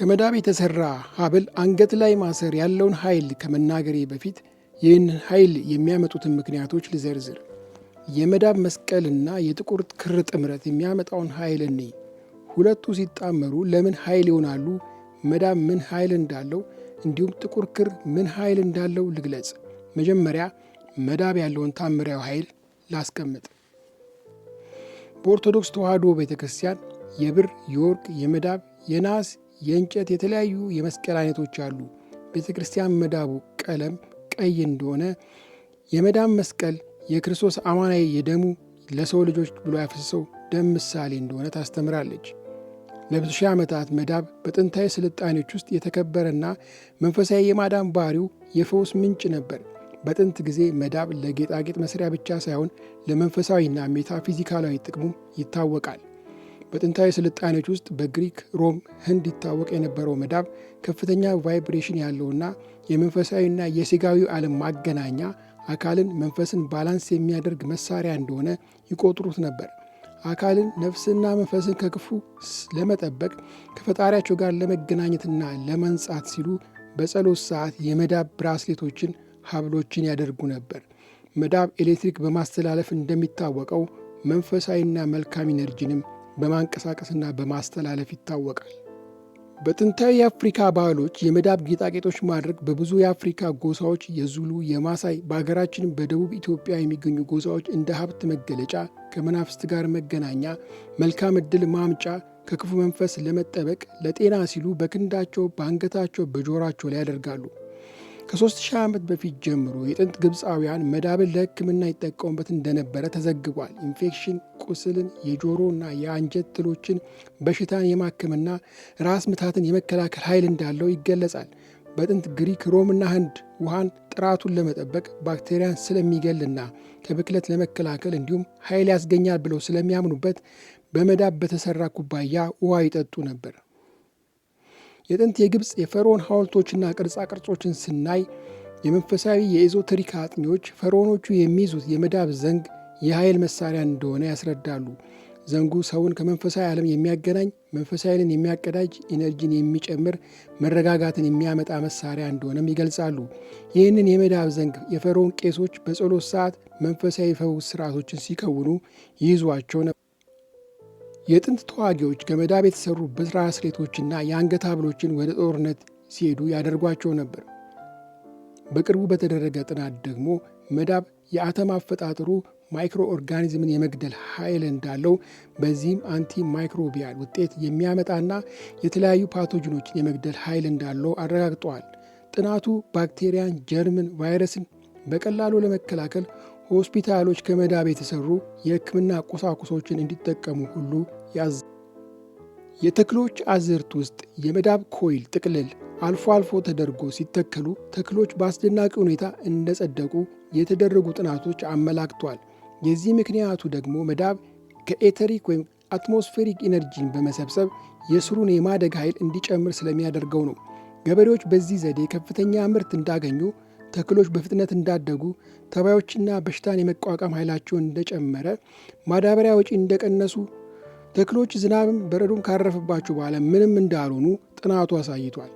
ከመዳብ የተሠራ ሀብል አንገት ላይ ማሰር ያለውን ኃይል ከመናገሬ በፊት ይህን ኃይል የሚያመጡትን ምክንያቶች ልዘርዝር። የመዳብ መስቀልና የጥቁር ክር ጥምረት የሚያመጣውን ኃይል እንይ። ሁለቱ ሲጣመሩ ለምን ኃይል ይሆናሉ? መዳብ ምን ኃይል እንዳለው እንዲሁም ጥቁር ክር ምን ኃይል እንዳለው ልግለጽ። መጀመሪያ መዳብ ያለውን ታምሪያዊ ኃይል ላስቀምጥ። በኦርቶዶክስ ተዋሕዶ ቤተ ክርስቲያን የብር፣ የወርቅ፣ የመዳብ፣ የነሐስ፣ የእንጨት የተለያዩ የመስቀል አይነቶች አሉ። ቤተ ክርስቲያን መዳቡ ቀለም ቀይ እንደሆነ የመዳብ መስቀል የክርስቶስ አማናዊ የደሙ ለሰው ልጆች ብሎ ያፈሰሰው ደም ምሳሌ እንደሆነ ታስተምራለች። ለብዙ ሺህ ዓመታት መዳብ በጥንታዊ ስልጣኔዎች ውስጥ የተከበረና መንፈሳዊ የማዳን ባህሪው የፈውስ ምንጭ ነበር። በጥንት ጊዜ መዳብ ለጌጣጌጥ መስሪያ ብቻ ሳይሆን ለመንፈሳዊና ሜታፊዚካላዊ ጥቅሙ ይታወቃል። በጥንታዊ ስልጣኔዎች ውስጥ በግሪክ፣ ሮም፣ ህንድ ይታወቅ የነበረው መዳብ ከፍተኛ ቫይብሬሽን ያለውና የመንፈሳዊና የስጋዊ ዓለም ማገናኛ አካልን መንፈስን ባላንስ የሚያደርግ መሳሪያ እንደሆነ ይቆጥሩት ነበር። አካልን ነፍስና መንፈስን ከክፉ ለመጠበቅ ከፈጣሪያቸው ጋር ለመገናኘትና ለመንጻት ሲሉ በጸሎት ሰዓት የመዳብ ብራስሌቶችን፣ ሀብሎችን ያደርጉ ነበር። መዳብ ኤሌክትሪክ በማስተላለፍ እንደሚታወቀው መንፈሳዊና መልካም ኢነርጂንም በማንቀሳቀስና በማስተላለፍ ይታወቃል። በጥንታዊ የአፍሪካ ባህሎች የመዳብ ጌጣጌጦች ማድረግ በብዙ የአፍሪካ ጎሳዎች የዙሉ፣ የማሳይ በሀገራችን በደቡብ ኢትዮጵያ የሚገኙ ጎሳዎች እንደ ሀብት መገለጫ፣ ከመናፍስት ጋር መገናኛ፣ መልካም እድል ማምጫ፣ ከክፉ መንፈስ ለመጠበቅ ለጤና ሲሉ በክንዳቸው፣ በአንገታቸው፣ በጆሯቸው ላይ ያደርጋሉ። ከ3000 ዓመት በፊት ጀምሮ የጥንት ግብፃውያን መዳብን ለሕክምና ይጠቀሙበት እንደነበረ ተዘግቧል። ኢንፌክሽን፣ ቁስልን፣ የጆሮና የአንጀት ትሎችን በሽታን የማከምና ራስ ምታትን የመከላከል ኃይል እንዳለው ይገለጻል። በጥንት ግሪክ፣ ሮምና ህንድ ውሃን ጥራቱን ለመጠበቅ ባክቴሪያን ስለሚገልና ከብክለት ለመከላከል እንዲሁም ኃይል ያስገኛል ብለው ስለሚያምኑበት በመዳብ በተሰራ ኩባያ ውሃ ይጠጡ ነበር። የጥንት የግብፅ የፈርዖን ሐውልቶችና ቅርጻ ቅርጾችን ስናይ የመንፈሳዊ የኤዞተሪክ አጥኚዎች ፈርዖኖቹ የሚይዙት የመዳብ ዘንግ የኃይል መሳሪያ እንደሆነ ያስረዳሉ። ዘንጉ ሰውን ከመንፈሳዊ ዓለም የሚያገናኝ፣ መንፈሳዊንን የሚያቀዳጅ፣ ኢነርጂን የሚጨምር፣ መረጋጋትን የሚያመጣ መሳሪያ እንደሆነም ይገልጻሉ። ይህንን የመዳብ ዘንግ የፈርዖን ቄሶች በጸሎት ሰዓት መንፈሳዊ ፈውስ ስርዓቶችን ሲከውኑ ይይዟቸው ነበር። የጥንት ተዋጊዎች ገመዳ የተሰሩ ብራስሌቶችና የአንገት ሀብሎችን ወደ ጦርነት ሲሄዱ ያደርጓቸው ነበር። በቅርቡ በተደረገ ጥናት ደግሞ መዳብ የአተም አፈጣጠሩ ማይክሮ ኦርጋኒዝምን የመግደል ኃይል እንዳለው በዚህም አንቲ ማይክሮቢያል ውጤት የሚያመጣና የተለያዩ ፓቶጅኖችን የመግደል ኃይል እንዳለው አረጋግጠዋል። ጥናቱ ባክቴሪያን፣ ጀርምን፣ ቫይረስን በቀላሉ ለመከላከል ሆስፒታሎች ከመዳብ የተሰሩ የሕክምና ቁሳቁሶችን እንዲጠቀሙ ሁሉ ያዝ የተክሎች አዝርት ውስጥ የመዳብ ኮይል ጥቅልል አልፎ አልፎ ተደርጎ ሲተከሉ ተክሎች በአስደናቂ ሁኔታ እንደጸደቁ የተደረጉ ጥናቶች አመላክቷል። የዚህ ምክንያቱ ደግሞ መዳብ ከኤተሪክ ወይም አትሞስፌሪክ ኢነርጂን በመሰብሰብ የስሩን የማደግ ኃይል እንዲጨምር ስለሚያደርገው ነው። ገበሬዎች በዚህ ዘዴ ከፍተኛ ምርት እንዳገኙ ተክሎች በፍጥነት እንዳደጉ፣ ተባዮችና በሽታን የመቋቋም ኃይላቸውን እንደጨመረ፣ ማዳበሪያ ወጪ እንደቀነሱ፣ ተክሎች ዝናብም በረዶም ካረፈባቸው በኋላ ምንም እንዳልሆኑ ጥናቱ አሳይቷል።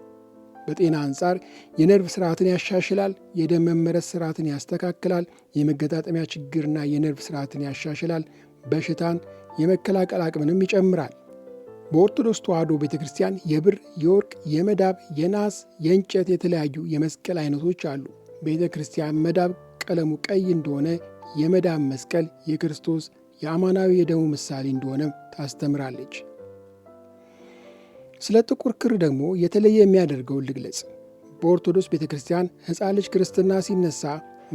በጤና አንጻር የነርቭ ስርዓትን ያሻሽላል፣ የደም መመረት ስርዓትን ያስተካክላል፣ የመገጣጠሚያ ችግርና የነርቭ ስርዓትን ያሻሽላል፣ በሽታን የመከላከል አቅምንም ይጨምራል። በኦርቶዶክስ ተዋሕዶ ቤተ ክርስቲያን የብር፣ የወርቅ፣ የመዳብ፣ የናስ፣ የእንጨት የተለያዩ የመስቀል አይነቶች አሉ። ቤተ ክርስቲያን መዳብ ቀለሙ ቀይ እንደሆነ የመዳብ መስቀል የክርስቶስ የአማናዊ የደሙ ምሳሌ እንደሆነ ታስተምራለች። ስለ ጥቁር ክር ደግሞ የተለየ የሚያደርገውን ልግለጽ። በኦርቶዶክስ ቤተ ክርስቲያን ሕፃን ልጅ ክርስትና ሲነሳ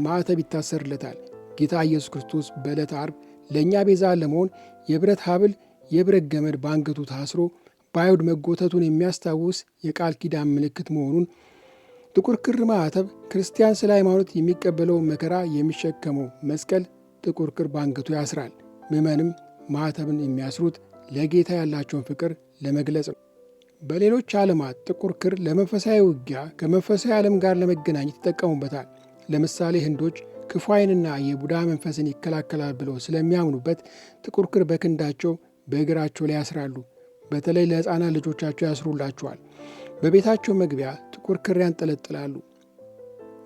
ማዕተብ ይታሰርለታል። ጌታ ኢየሱስ ክርስቶስ በዕለተ ዓርብ ለእኛ ቤዛ ለመሆን የብረት ሀብል የብረት ገመድ በአንገቱ ታስሮ በአይሁድ መጎተቱን የሚያስታውስ የቃል ኪዳን ምልክት መሆኑን ጥቁር ክር ማዕተብ ክርስቲያን ስለ ሃይማኖት የሚቀበለውን መከራ የሚሸከመው መስቀል ጥቁር ክር በአንገቱ ያስራል። ምዕመንም ማዕተብን የሚያስሩት ለጌታ ያላቸውን ፍቅር ለመግለጽ ነው። በሌሎች ዓለማት ጥቁር ክር ለመንፈሳዊ ውጊያ ከመንፈሳዊ ዓለም ጋር ለመገናኘት ይጠቀሙበታል። ለምሳሌ ህንዶች ክፉ ዓይንና የቡዳ መንፈስን ይከላከላል ብለው ስለሚያምኑበት ጥቁር ክር በክንዳቸው፣ በእግራቸው ላይ ያስራሉ። በተለይ ለሕፃናት ልጆቻቸው ያስሩላቸዋል። በቤታቸው መግቢያ ጥቁር ክር ያንጠለጥላሉ።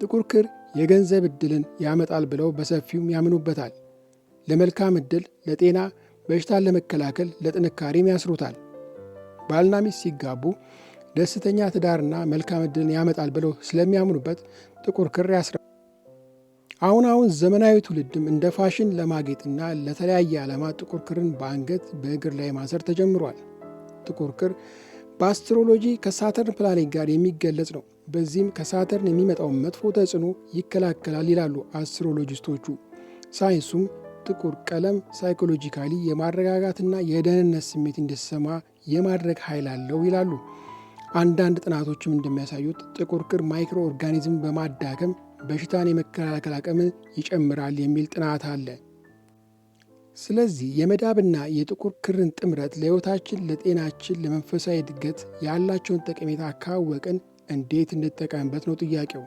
ጥቁር ክር የገንዘብ ዕድልን ያመጣል ብለው በሰፊውም ያምኑበታል። ለመልካም ዕድል፣ ለጤና፣ በሽታን ለመከላከል፣ ለጥንካሬም ያስሩታል። ባልና ሚስት ሲጋቡ ደስተኛ ትዳርና መልካም ዕድልን ያመጣል ብለው ስለሚያምኑበት ጥቁር ክር ያስራል። አሁን አሁን ዘመናዊ ትውልድም እንደ ፋሽን ለማጌጥና ለተለያየ ዓላማ ጥቁር ክርን በአንገት በእግር ላይ ማሰር ተጀምሯል። ጥቁር ክር በአስትሮሎጂ ከሳተርን ፕላኔት ጋር የሚገለጽ ነው። በዚህም ከሳተርን የሚመጣውን መጥፎ ተጽዕኖ ይከላከላል ይላሉ አስትሮሎጂስቶቹ። ሳይንሱም ጥቁር ቀለም ሳይኮሎጂካሊ የማረጋጋትና የደህንነት ስሜት እንዲሰማ የማድረግ ኃይል አለው ይላሉ። አንዳንድ ጥናቶችም እንደሚያሳዩት ጥቁር ክር ማይክሮ ኦርጋኒዝም በማዳከም በሽታን የመከላከል አቅምን ይጨምራል የሚል ጥናት አለ። ስለዚህ የመዳብና የጥቁር ክርን ጥምረት ለሕይወታችን፣ ለጤናችን፣ ለመንፈሳዊ እድገት ያላቸውን ጠቀሜታ ካወቅን እንዴት እንጠቀምበት ነው ጥያቄው።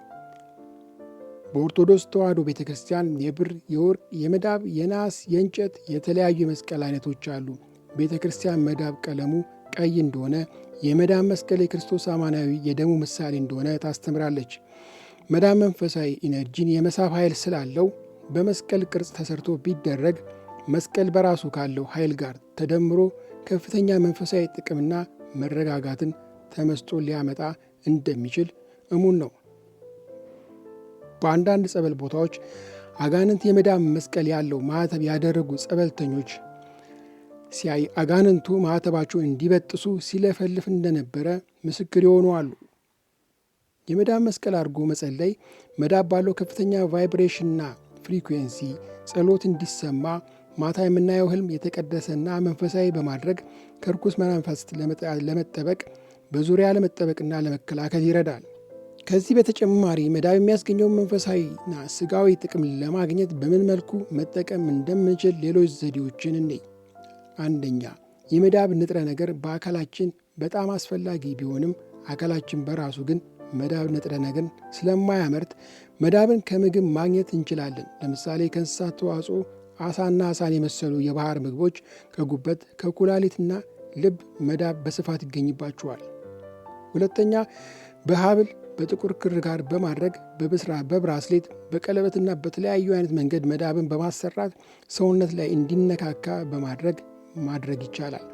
በኦርቶዶክስ ተዋሕዶ ቤተ ክርስቲያን የብር፣ የወርቅ፣ የመዳብ፣ የናስ፣ የእንጨት የተለያዩ የመስቀል አይነቶች አሉ። ቤተ ክርስቲያን መዳብ ቀለሙ ቀይ እንደሆነ የመዳብ መስቀል የክርስቶስ አማናዊ የደሙ ምሳሌ እንደሆነ ታስተምራለች። መዳብ መንፈሳዊ ኢነርጂን የመሳብ ኃይል ስላለው በመስቀል ቅርጽ ተሰርቶ ቢደረግ መስቀል በራሱ ካለው ኃይል ጋር ተደምሮ ከፍተኛ መንፈሳዊ ጥቅምና መረጋጋትን ተመስጦ ሊያመጣ እንደሚችል እሙን ነው። በአንዳንድ ጸበል ቦታዎች አጋንንት የመዳም መስቀል ያለው ማዕተብ ያደረጉ ጸበልተኞች ሲያይ አጋንንቱ ማዕተባቸውን እንዲበጥሱ ሲለፈልፍ እንደነበረ ምስክር የሆኑ አሉ። የመዳብ መስቀል አድርጎ መጸለይ መዳብ ባለው ከፍተኛ ቫይብሬሽንና ፍሪኩዌንሲ ጸሎት እንዲሰማ ማታ የምናየው ህልም የተቀደሰና መንፈሳዊ በማድረግ ከርኩስ መናፈስ ለመጠበቅ በዙሪያ ለመጠበቅና ለመከላከል ይረዳል። ከዚህ በተጨማሪ መዳብ የሚያስገኘውን መንፈሳዊና ስጋዊ ጥቅም ለማግኘት በምን መልኩ መጠቀም እንደምንችል ሌሎች ዘዴዎችን እኔ አንደኛ የመዳብ ንጥረ ነገር በአካላችን በጣም አስፈላጊ ቢሆንም አካላችን በራሱ ግን መዳብ ንጥረ ነገርን ስለማያመርት መዳብን ከምግብ ማግኘት እንችላለን። ለምሳሌ ከእንስሳት ተዋጽኦ አሳና አሳን የመሰሉ የባህር ምግቦች ከጉበት ከኩላሊትና ልብ መዳብ በስፋት ይገኝባቸዋል። ሁለተኛ በሀብል በጥቁር ክር ጋር በማድረግ በብስራ በብራስሌት በቀለበትና በተለያዩ አይነት መንገድ መዳብን በማሰራት ሰውነት ላይ እንዲነካካ በማድረግ ማድረግ ይቻላል።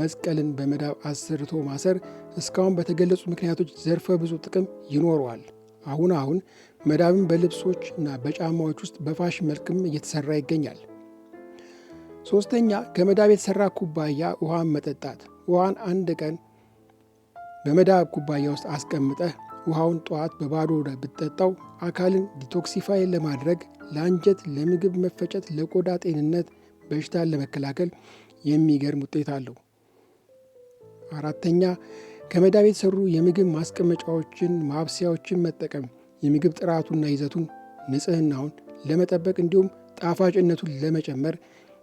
መስቀልን በመዳብ አሰርቶ ማሰር እስካሁን በተገለጹ ምክንያቶች ዘርፈ ብዙ ጥቅም ይኖረዋል። አሁን አሁን መዳብም በልብሶች እና በጫማዎች ውስጥ በፋሽን መልክም እየተሰራ ይገኛል። ሶስተኛ ከመዳብ የተሰራ ኩባያ ውሃን መጠጣት። ውሃን አንድ ቀን በመዳብ ኩባያ ውስጥ አስቀምጠህ ውሃውን ጠዋት በባዶ ወደ ብትጠጣው አካልን ዲቶክሲፋይ ለማድረግ ለአንጀት፣ ለምግብ መፈጨት፣ ለቆዳ ጤንነት፣ በሽታን ለመከላከል የሚገርም ውጤት አለው። አራተኛ ከመዳብ የተሰሩ የምግብ ማስቀመጫዎችን፣ ማብሰያዎችን መጠቀም የምግብ ጥራቱና ይዘቱን፣ ንጽህናውን ለመጠበቅ እንዲሁም ጣፋጭነቱን ለመጨመር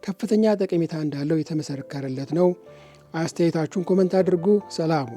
ከፍተኛ ጠቀሜታ እንዳለው የተመሰከረለት ነው። አስተያየታችሁን ኮመንት አድርጉ። ሰላሙ